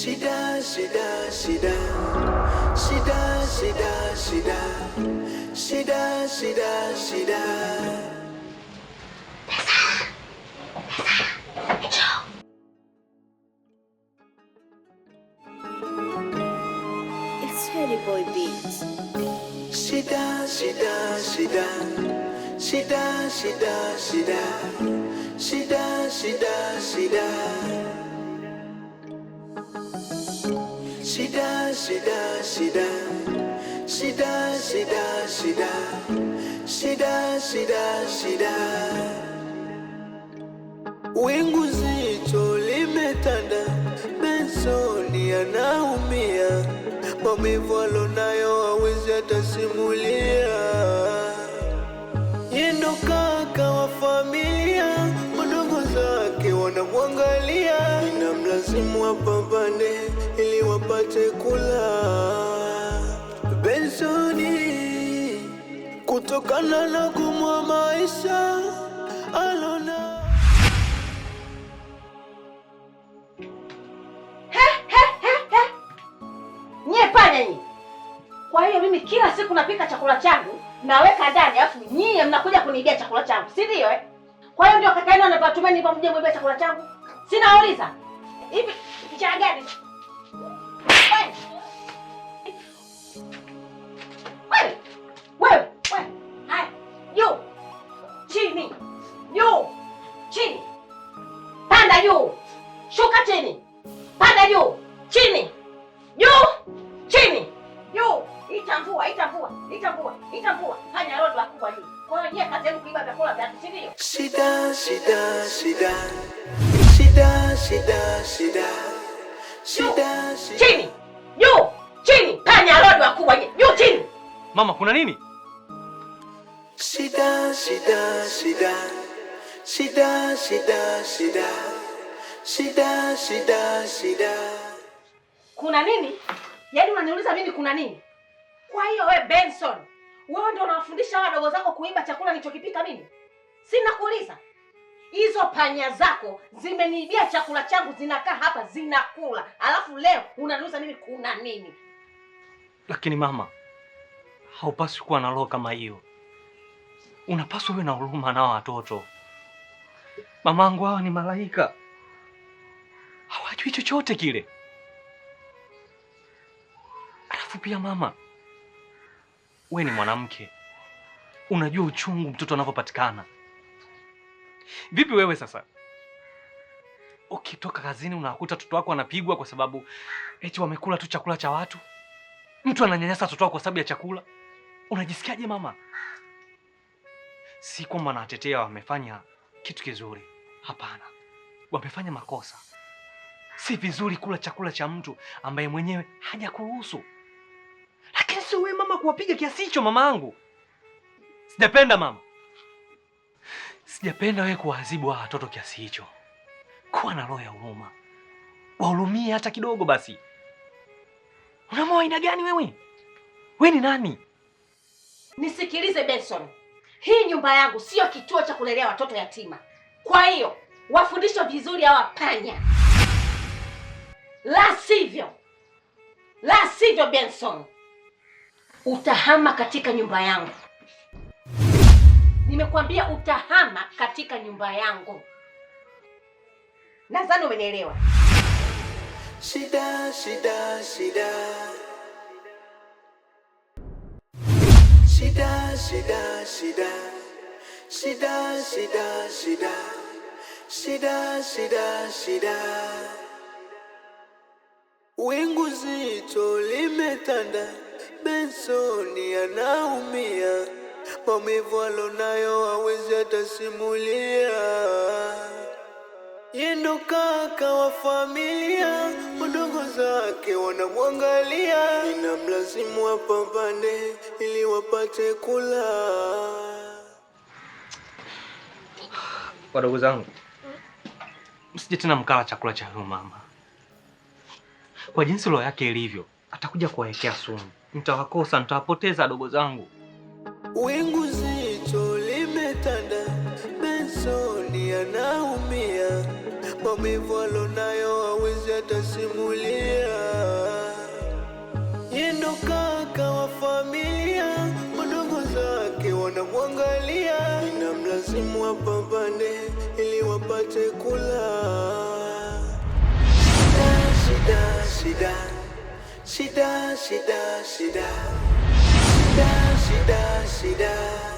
shida shida shida shida shida shida shida shida shida It's Harry Boy Beats. Shida, shida, shida, shida, shida, shida, shida, shida, shida shida shida shida shida shida shida shida. Wingu zito limetanda, Bensoni anaumia, maumivu alonayo hawezi atasimulia. Yendo kaka wa familia, madogo zake wanamwangalia, inamlazimu apambane wapate kula Bensoni kutokana na kumwa maisha alona. Nye panya nye. Kwa hiyo mimi kila siku napika chakula changu naweka ndani, alafu nyie mnakuja kuniibia chakula changu, si ndio eh? Kwa hiyo ndio kaka yenu anapatumeni pamoja mwiba chakula changu, sinauliza hivi njaa gani? juu, shuka chini, panda juu, chini, juu, chini, juu. Itambua, itambua, itambua, itambua. Fanya roho la kubwa juu. Kwa hiyo kazi yenu kuiba vyakula vya si ndio? Shida, shida, shida. Shida, shida, shida. Shida, shida. Chini. Juu, chini. Fanya la kubwa kwa juu, chini. Mama, kuna nini? Shida, shida, shida. Shida, shida, shida. Shida, shida, shida. Kuna nini? Yaani unaniuliza mimi kuna nini? Kwa hiyo we Benson, wewe ndio unawafundisha hawa wadogo zako kuiba chakula nilichokipika mimi? Sina kuuliza. Hizo panya zako zimeniibia chakula changu, zinakaa hapa zinakula, alafu leo unaniuliza mimi kuna nini? Lakini mama, haupaswi kuwa na roho kama hiyo. Unapaswa uwe na huruma na watoto. Mamangu, hawa ni malaika hajui chochote kile. Alafu pia mama, we ni mwanamke, unajua uchungu mtoto anavyopatikana. Vipi wewe sasa ukitoka kazini unakuta mtoto wako anapigwa kwa sababu eti wamekula tu chakula cha watu? Mtu ananyanyasa mtoto wako kwa sababu ya chakula, unajisikiaje mama? Si kwamba nawatetea, wamefanya kitu kizuri, hapana, wamefanya makosa Si vizuri kula chakula cha mtu ambaye mwenyewe hajakuruhusu. Lakini sio wewe mama kuwapiga kiasi hicho mama yangu Sijapenda mama. Sijapenda wewe kuwaadhibu hawa watoto kiasi hicho. Kuwa na roho ya huruma. Wahurumie hata kidogo basi. Unamoa aina gani wewe? Wewe ni nani? Nisikilize Benson. Hii nyumba yangu sio kituo cha kulelea watoto yatima. Kwa hiyo, wafundisho vizuri hawa panya la sivyo, la sivyo Benson, utahama katika nyumba yangu. Nimekuambia utahama katika nyumba yangu. Nadhani umenielewa. Shida, shida, shida. Shida, shida, shida. Shida, shida, shida. Shida, shida, shida. Wingu zito limetanda, Bensoni anaumia, maumivu alonayo hawezi atasimulia. Yendo kaka wa familia, wadogo zake wanamwangalia, ina mlazimu wapambane ili wapate kula. Wadogo zangu, msije tena mkala chakula cha huyo mama kwa jinsi roho yake ilivyo, atakuja kuwawekea sumu. Nitawakosa, nitawapoteza dogo zangu. Wingu zito limetanda, Bensoni anaumia, maumivu alonayo hawezi atasimulia. Yendo kaka wa familia, zake wanamwangalia, inamlazimu wapambane ili wapate kula She does, she does, she does. She does, she does, she does.